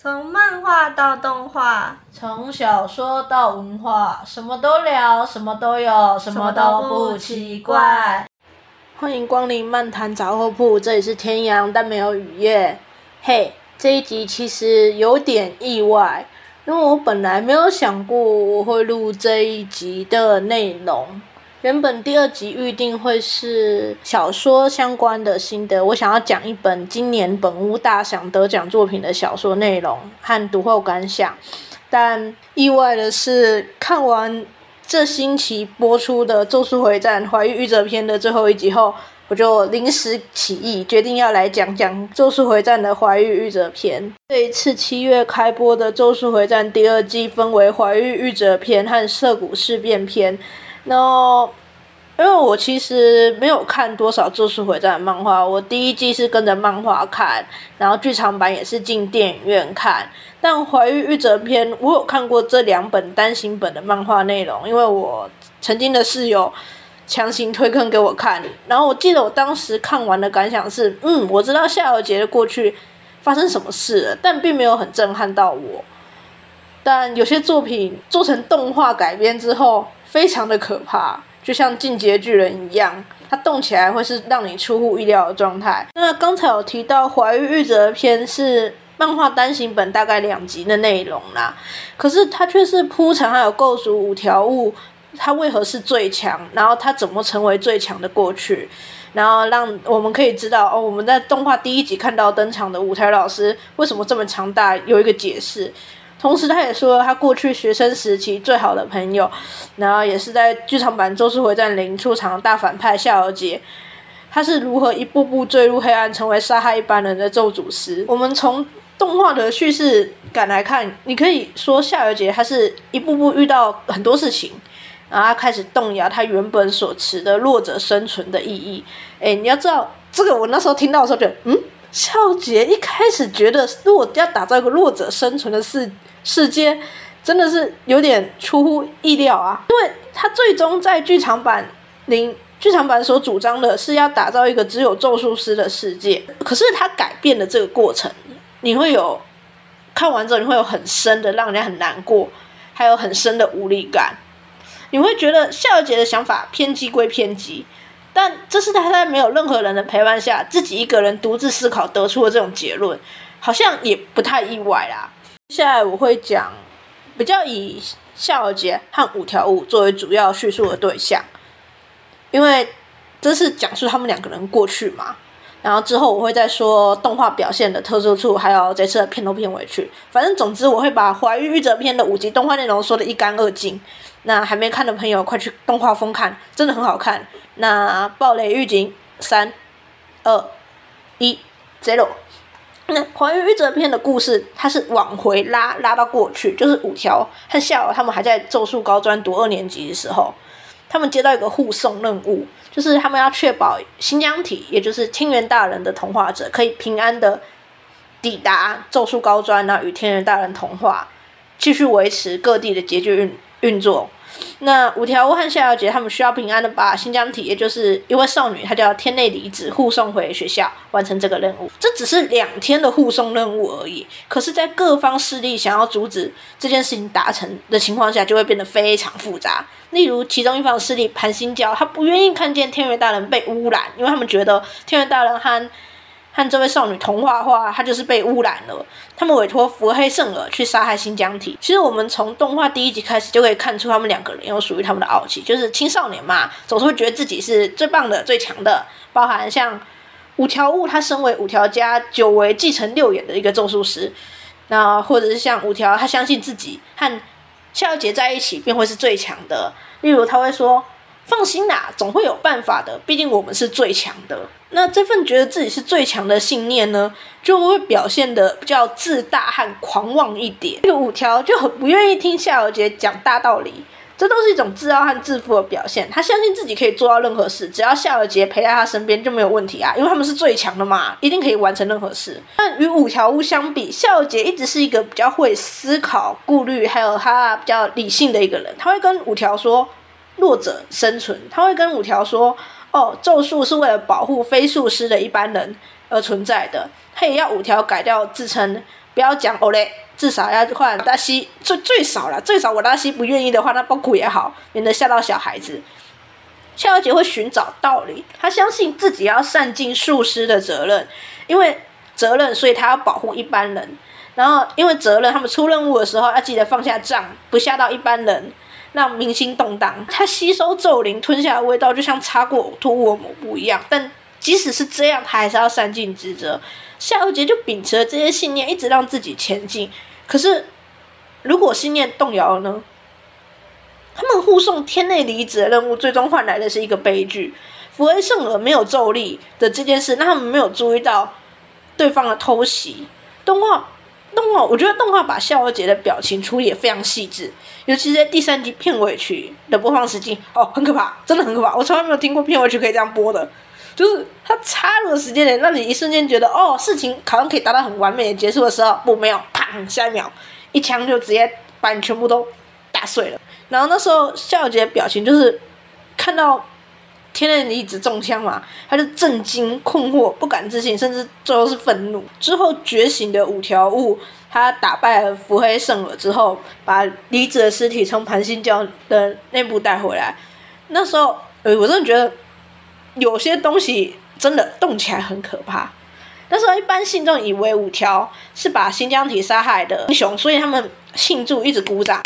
從漫畫到動畫，從小說到文化，什麼都聊，什麼都有，什麼都不奇怪。奇怪，歡迎光臨漫談雜貨鋪，這裡是天陽，但沒有雨夜。嘿、hey，這一集其實有點意外，因為我本來沒有想過我會錄這一集的內容。原本第二集預定會是小說相關的心得，我想要講一本今年本屋大賞得獎作品的小說內容和讀後感想，但意外的是，看完這星期播出的《咒術回戰》懷玉．玉折篇的最後一集後，我就臨時起意決定要來講講《咒術回戰》的懷玉．玉折篇。這一次七月開播的《咒術回戰》第二季分為懷玉．玉折篇和澀谷事變篇。然後，no, 因為我其實沒有看多少《咒術回戰》的漫畫，我第一季是跟着漫畫看，然後劇場版也是進電影院看。但《懷玉玉折篇》，我有看過這兩本單行本的漫畫內容，因為我曾經的室友強行推坑給我看。然後我記得我當時看完的感想是：嗯，我知道夏油傑的過去發生什麼事了，但並沒有很震撼到我。但有些作品做成動畫改編之後，非常的可怕，就像《進擊巨人》一樣，它動起來會是讓你出乎意料的狀態。那剛才有提到《懷玉．玉折篇》是漫畫單行本大概兩集的內容啦，可是它卻是鋪陳還有構築五條悟他為何是最強，然後它怎麼成為最強的過去，然後讓我們可以知道哦，我們在動畫第一集看到登場的五條老師為什麼這麼強大，有一個解釋。同時，他也說了，他過去學生時期最好的朋友，然後也是在劇場版《咒術回戰》零出場大反派夏油傑，他是如何一步步墜入黑暗，成為殺害一般人的咒詛師？我們從動畫的敘事感來看，你可以說夏油傑他是一步步遇到很多事情，然後他開始動搖他原本所持的弱者生存的意義。哎，你要知道，這個我那時候聽到的時候覺得，嗯。夏油傑一開始覺得，如果要打造一個弱者生存的世世界，真的是有點出乎意料啊。因為他最終在劇場版裡，劇場版所主張的是要打造一個只有咒術師的世界，可是他改變了這個過程。你會有看完之後你會有很深的讓人家很難過，還有很深的無力感。你會覺得夏油傑的想法偏激歸偏激。但這是他在沒有任何人的陪伴下，自己一個人獨自思考得出的這種結論，好像也不太意外啦。接下來我會講，比較以夏油傑和五條悟作為主要敘述的對象，因為這是講述他們兩個人過去嘛。然後之後我會再說動畫表現的特殊處，還有這次的片頭片尾曲。反正總之我會把《懷玉．玉折篇》的五集動畫內容說得一乾二淨。那還沒看的朋友，快去動畫瘋看，真的很好看。那暴雷預警三二一 zero。那懷玉玉折篇的故事，它是往回拉拉到過去，就是五條和夏油他們還在咒術高專讀二年級的時候，他們接到一個護送任務，就是他們要確保星漿體，也就是天元大人的同化者，可以平安的抵達咒術高專，與天元大人同化，繼續維持各地的結界運運作。那五條悟和夏油傑他們需要平安的把星漿體，也就是一位少女，她叫天內理子護送回學校，完成這個任務。這只是兩天的護送任務而已，可是，在各方勢力想要阻止這件事情達成的情況下，就會變得非常複雜。例如，其中一方勢力盤星教，他不願意看見天元大人被污染，因為他們覺得天元大人和和這位少女同化的話，她就是被污染了。他們委托伏黑甚爾去殺害星漿體。其實我們從動畫第一集開始就可以看出，他們兩個人有屬於他們的傲氣，就是青少年嘛，總是會覺得自己是最棒的、最強的。包含像五條悟，他身為五條家久違繼承六眼的一個咒術師，那或者是像五條，他相信自己和夏油傑在一起便會是最強的。例如他會說：“放心啦，總會有辦法的，畢竟我們是最強的。”那這份覺得自己是最強的信念呢，就會表現得比較自大和狂妄一點。這個五條就很不願意聽夏油傑講大道理，這都是一種自傲和自負的表現。他相信自己可以做到任何事，只要夏油傑陪在他身邊就沒有問題啊，因為他們是最強的嘛，一定可以完成任何事。但與五條悟相比，夏油傑一直是一個比較會思考、顧慮，還有他比較理性的一個人。他會跟五條說“弱者生存”，他會跟五條說。哦，咒術是為了保護非術師的一般人而存在的。他也要五條改掉自稱，不要講“哦嘞”，至少要換我大西，最最少了，最少我大西不願意的話，那不括也好，免得嚇到小孩子。夏油傑會尋找道理，她相信自己要善盡術師的責任，因為責任，所以她要保護一般人。然後，因為責任，他們出任務的時候要記得放下杖，不嚇到一般人。讓民心動盪，他吸收咒靈吞下的味道就像擦過嘔吐物的抹布一樣。但即使是這樣，他還是要善盡職責。夏油傑就秉持了這些信念，一直讓自己前進。可是，如果信念動搖了呢？他們護送天內理子的任務，最終換來的是一個悲劇。伏黑甚爾沒有咒力的這件事，讓他們沒有注意到對方的偷襲。動畫，我覺得動畫把夏油傑的表情處理也非常細緻，尤其是在第三集片尾曲的播放時間，哦，很可怕，真的很可怕，我從來沒有聽過片尾曲可以這樣播的，就是他插入的時間點，讓你一瞬間覺得，哦，事情好像可以達到很完美的結束的時候，不，沒有，砰，下一秒，一槍就直接把你全部都打碎了，然後那時候夏油傑的表情就是看到。天內理子中槍嘛，他就震驚、困惑、不敢置信，甚至最後是憤怒。之後覺醒的五條悟，他打敗了伏黑甚爾之後，把理子的屍體從盤星教的內部帶回來。那時候，欸、我真的覺得有些東西真的動起來很可怕。但是，一般信眾以為五條是把星漿體殺害的英雄，所以他們慶祝，一直鼓掌。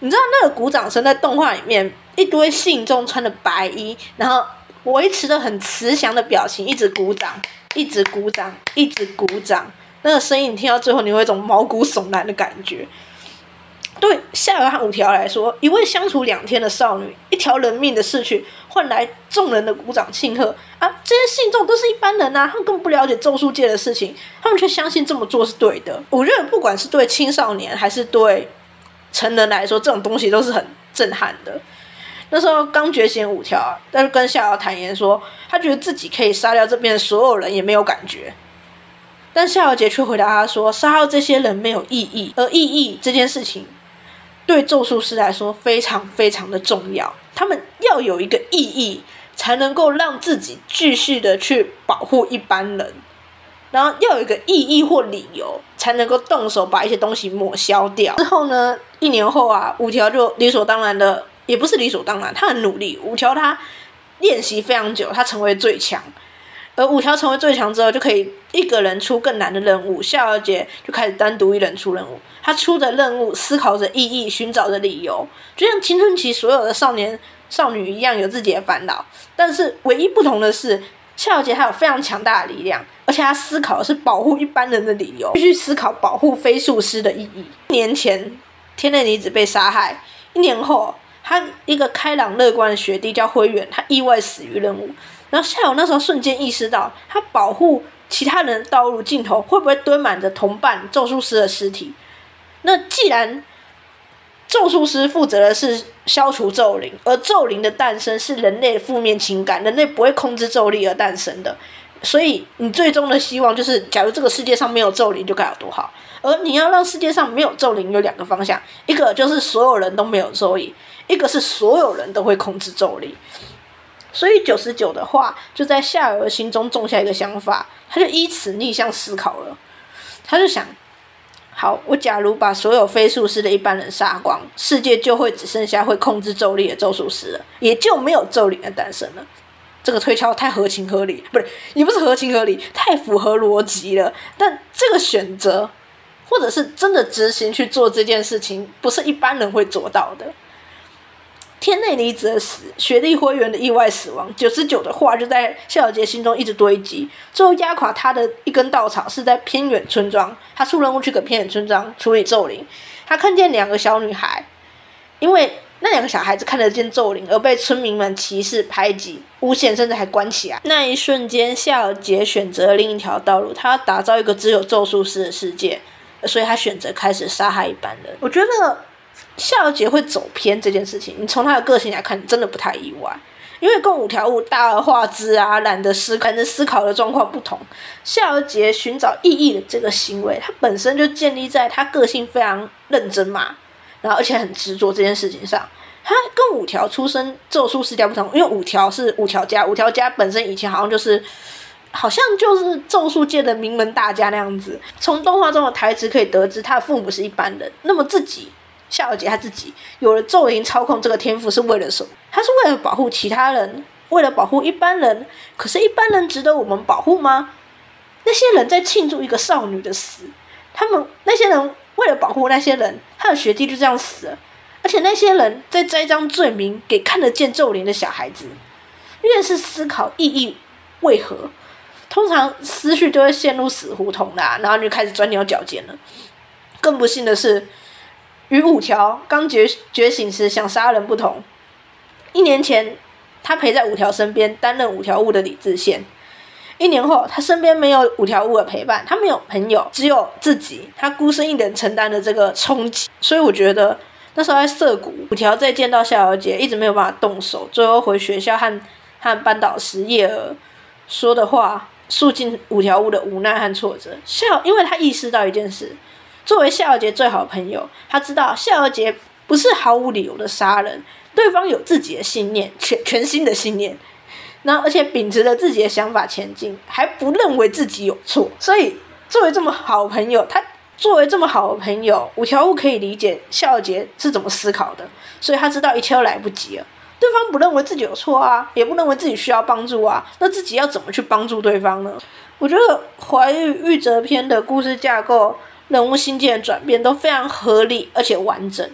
你知道那個鼓掌聲在動畫裡面，一堆信眾穿的白衣，然後維持着很慈祥的表情，一直鼓掌，一直鼓掌，一直鼓掌。那個聲音你聽到最後，你會有一種毛骨悚然的感覺。對夏油和五條來說，一位相處兩天的少女，一條人命的逝去換來眾人的鼓掌慶賀啊！這些信眾都是一般人啊，他們根本不了解咒術界的事情，他們卻相信這麼做是對的。我覺得不管是對青少年還是對成人來說，這種東西都是很震撼的。那時候剛覺醒五條，但是跟夏油坦言說，他覺得自己可以殺掉這邊所有人，也沒有感覺。但夏油傑卻回答他說，殺掉這些人沒有意義，而意義這件事情對咒術師來說非常非常的重要，他們要有一個意義，才能夠讓自己繼續的去保護一般人，然後要有一個意義或理由，才能夠動手把一些東西抹消掉。之後呢，一年後啊，五條就理所當然的。也不是理所當然，他很努力。五條他練習非常久，他成為最強。而五條成為最強之後，就可以一個人出更難的任務。夏油傑就開始單獨一人出任務。他出的任務，思考着意義，尋找着理由，就像青春期所有的少年少女一樣，有自己的煩惱。但是唯一不同的是，夏油杰他有非常強大的力量，而且他思考的是保護一般人的理由，必須思考保護非術師的意義。一年前，天內理子被殺害，一年後。他一個開朗樂觀的學弟叫灰原，他意外死於任務。然後夏油那時候瞬間意識到，他保護其他人的道路盡頭會不會堆滿着同伴咒術師的屍體？那既然咒術師負責的是消除咒靈，而咒靈的誕生是人類負面情感，人類不會控制咒力而誕生的。所以你最終的希望就是，假如這個世界上沒有咒靈，就該有多好。而你要讓世界上沒有咒靈，有兩個方向：一個就是所有人都沒有咒靈。一個是所有人都會控制咒力，所以九十九的話就在夏油心中種下一個想法，他就依此逆向思考了。他就想：好，我假如把所有非術師的一般人殺光，世界就會只剩下會控制咒力的咒術師了，也就沒有咒靈的誕生了。這個推敲太合情合理，不對，也不是合情合理，太符合邏輯了。但這個選擇，或者是真的執行去做這件事情，不是一般人會做到的。天內理子的死，學弟灰原的意外死亡，九十九的話就在夏油傑心中一直堆積。最後壓垮他的一根稻草是在偏遠村莊，他出任務去給偏遠村莊處理咒靈，他看見兩個小女孩，因為那兩個小孩子看得見咒靈而被村民們歧視、排擠、誣陷，甚至還關起來。那一瞬間，夏油傑選擇了另一條道路，他要打造一個只有咒術師的世界，所以他選擇開始殺害一般人。我覺得。夏油傑會走偏這件事情，你從他的個性來看，你真的不太意外，因為跟五條悟大而化之啊，懶得思反正思考的狀況不同。夏油傑尋找意義的這個行為，他本身就建立在他個性非常認真嘛，然後而且很執着這件事情上。他跟五條出身咒術世家不同，因為五條是五條家，五條家本身以前好像就是，好像就是咒術界的名門大家那樣子。從動畫中的台詞可以得知，他的父母是一般人，那麼自己。夏油傑他自己有了咒靈操控這個天賦是為了什麼？他是為了保護其他人，為了保護一般人。可是，一般人值得我們保護嗎？那些人在慶祝一個少女的死，他們那些人為了保護那些人，他的學弟就這樣死了。而且，那些人在栽贓罪名給看得見咒靈的小孩子。越是思考意義為何，通常思緒就會陷入死胡同啦、啊，然後就開始鑽牛角尖了。更不幸的是。與五條剛覺覺醒時想殺人不同，一年前他陪在五條身邊，擔任五條悟的理智線。一年後，他身邊沒有五條悟的陪伴，他沒有朋友，只有自己，他孤身一人承擔了這個衝擊。所以我覺得那時候在澀谷，五條再見到夏油傑，一直沒有辦法動手，最後回學校和和班導師夜蛾說的話，訴盡五條悟的無奈和挫折。夏因為他意識到一件事。作為夏油傑最好的朋友，他知道夏油傑不是毫無理由的殺人，對方有自己的信念，全全新的信念，然後而且秉持着自己的想法前進，還不認為自己有錯，所以作為這麼好的朋友，他作為這麼好的朋友，五條悟可以理解夏油傑是怎麼思考的，所以他知道一切都來不及了。對方不認為自己有錯啊，也不認為自己需要幫助啊，那自己要怎麼去幫助對方呢？我覺得《懷玉．玉折篇》的故事架構。人物心境的轉變都非常合理，而且完整。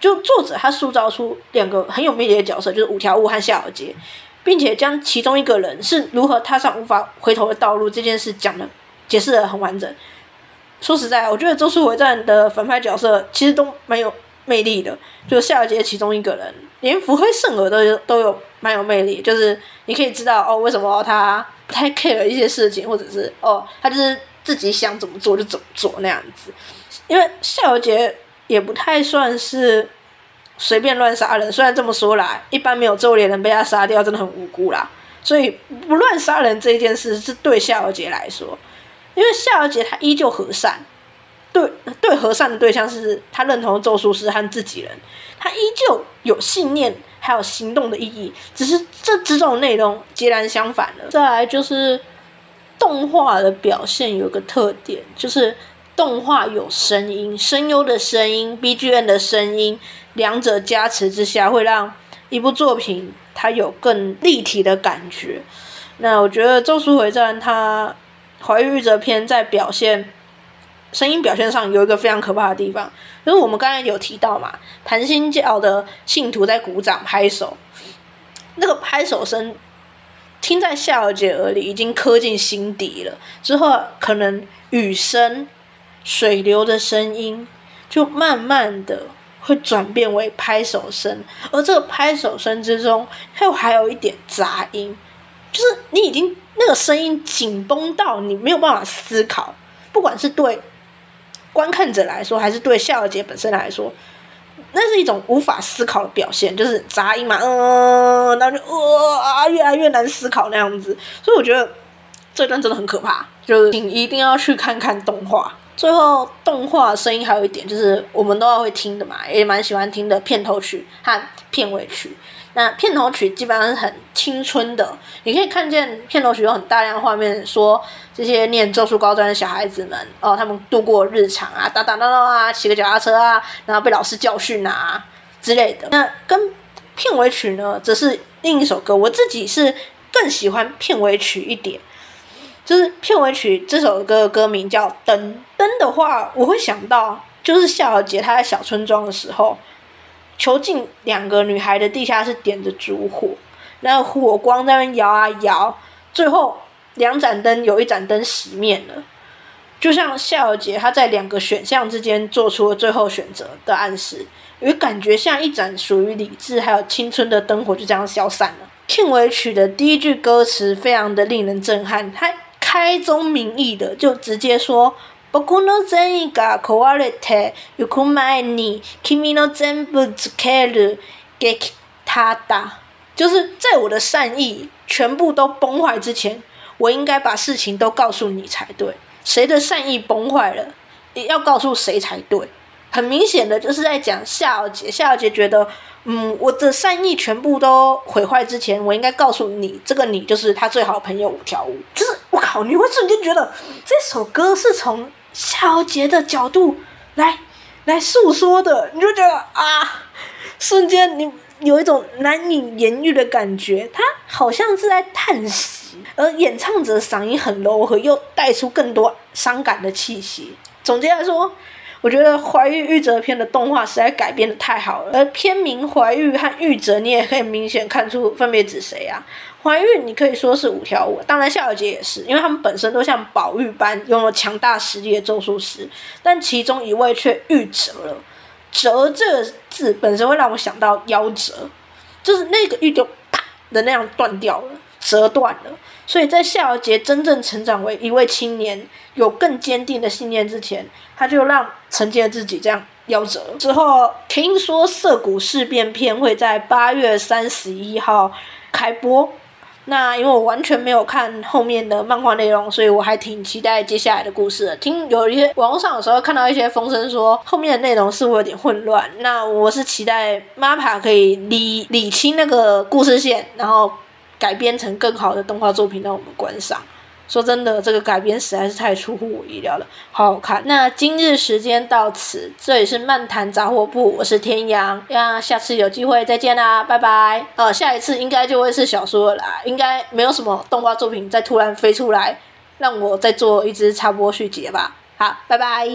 就作者他塑造出兩個很有魅力的角色，就是五條悟和夏油傑，並且將其中一個人是如何踏上無法回頭的道路這件事講的解釋的很完整。說實在，我覺得《咒術迴戰》的反派角色其實都蠻有魅力的。就夏油傑其中一個人，連伏黑甚爾都有都有蠻有魅力。就是你可以知道哦，為什麼他不太 care 一些事情，或者是哦，他就是。自己想怎麼做就怎麼做那樣子，因為夏油傑也不太算是隨便亂殺人。雖然這麼說來，一般沒有咒臉人被他殺掉真的很無辜啦。所以不亂殺人這一件事是對夏油傑來說，因為夏油傑他依舊和善，對對和善的對象是他認同的咒術師和自己人，他依舊有信念還有行動的意義，只是這幾種內容截然相反了。再來就是。動畫的表現有個特點，就是動畫有聲音，聲優的聲音、B G M 的聲音，兩者加持之下，會讓一部作品它有更立體的感覺。那我覺得《咒術迴戰》它懷玉．玉折篇在表現聲音表現上有一個非常可怕的地方，因為我們剛才有提到嘛，盤星教的信徒在鼓掌拍手，那個拍手聲。聽在夏油傑耳裡，已經刻進心底了。之後可能雨聲、水流的聲音，就慢慢的會轉變為拍手聲，而這個拍手聲之中，它還，還有一點雜音，就是你已經那個聲音緊繃到你沒有辦法思考，不管是對觀看者來說，還是對夏油傑本身來說。那是一種無法思考的表現，就是雜音嘛，嗯、呃，然後就啊、呃，越來越難思考那樣子，所以我覺得這段真的很可怕，就請一定要去看看動畫。最後，動畫聲音還有一點就是，我們都要會聽的嘛，也蠻喜歡聽的片頭曲和片尾曲。那片頭曲基本上是很青春的，你可以看見片頭曲有很大量的畫面，說這些念咒術高專的小孩子們哦，他們度過日常啊，打打鬧鬧啊，騎個腳踏車啊，然後被老師教訓啊之類的。那跟片尾曲呢，則是另一首歌。我自己是更喜歡片尾曲一點。就是片尾曲這首歌的歌名叫《燈》，《燈》的話，我會想到就是夏油傑他在小村莊的時候，囚禁兩個女孩的地下室點着燭火，然後火光在那邊搖啊搖，最後兩盞燈有一盞燈熄滅了，就像夏油傑他在兩個選項之間做出了最後選擇的暗示，也感覺像一盞屬於理智還有青春的燈火就這樣消散了。片尾曲的第一句歌詞非常的令人震撼，他……開宗明義的，就直接說：不管我給他打。就是在我的善意全部都崩壞之前，我應該把事情都告訴你才對。誰的善意崩壞了，也要告訴誰才對。很明顯的就是在講夏油傑，夏油傑覺得，嗯，我的善意全部都毀壞之前，我應該告訴你，這個你就是他最好的朋友五條悟，就是我靠你，你會瞬間覺得這首歌是從夏油傑的角度來來訴說的，你就覺得啊，瞬間你有一種難以言喻的感覺，他好像是在嘆息，而演唱者的嗓音很柔和，又帶出更多傷感的氣息。總結來說，我覺得《懷玉玉折篇》的動畫實在改編的太好了，而片名“懷玉”和“玉折”，你也可以明顯看出分別指誰啊？懷玉你可以說是五條悟，當然夏油傑也是，因為他們本身都像寶玉般擁有強大實力的咒術師，但其中一位卻玉折了。折這個字本身會讓我想到夭折，就是那個玉就啪的那樣斷掉了。折斷了，所以在夏油傑真正成長為一位青年、有更堅定的信念之前，他就讓曾經的自己這樣夭折。之後聽說《澀谷事變篇》會在八月三十一號開播，那因為我完全沒有看後面的漫畫內容，所以我還挺期待接下來的故事。聽有一些網絡上有時候看到一些風聲說後面的內容似乎有點混亂，那我是期待 MAPPA 可以理理清那個故事線，然後。改編成更好的動畫作品讓我們觀賞。說真的，這個改編實在是太出乎我意料了，好好看。那今日時間到此，這裡是漫談雜貨鋪，我是天陽。那下次有機會再見啦，拜拜。呃，下一次應該就會是小說了啦，應該沒有什麼動畫作品再突然飛出來，讓我再做一支插播續集吧。好，拜拜。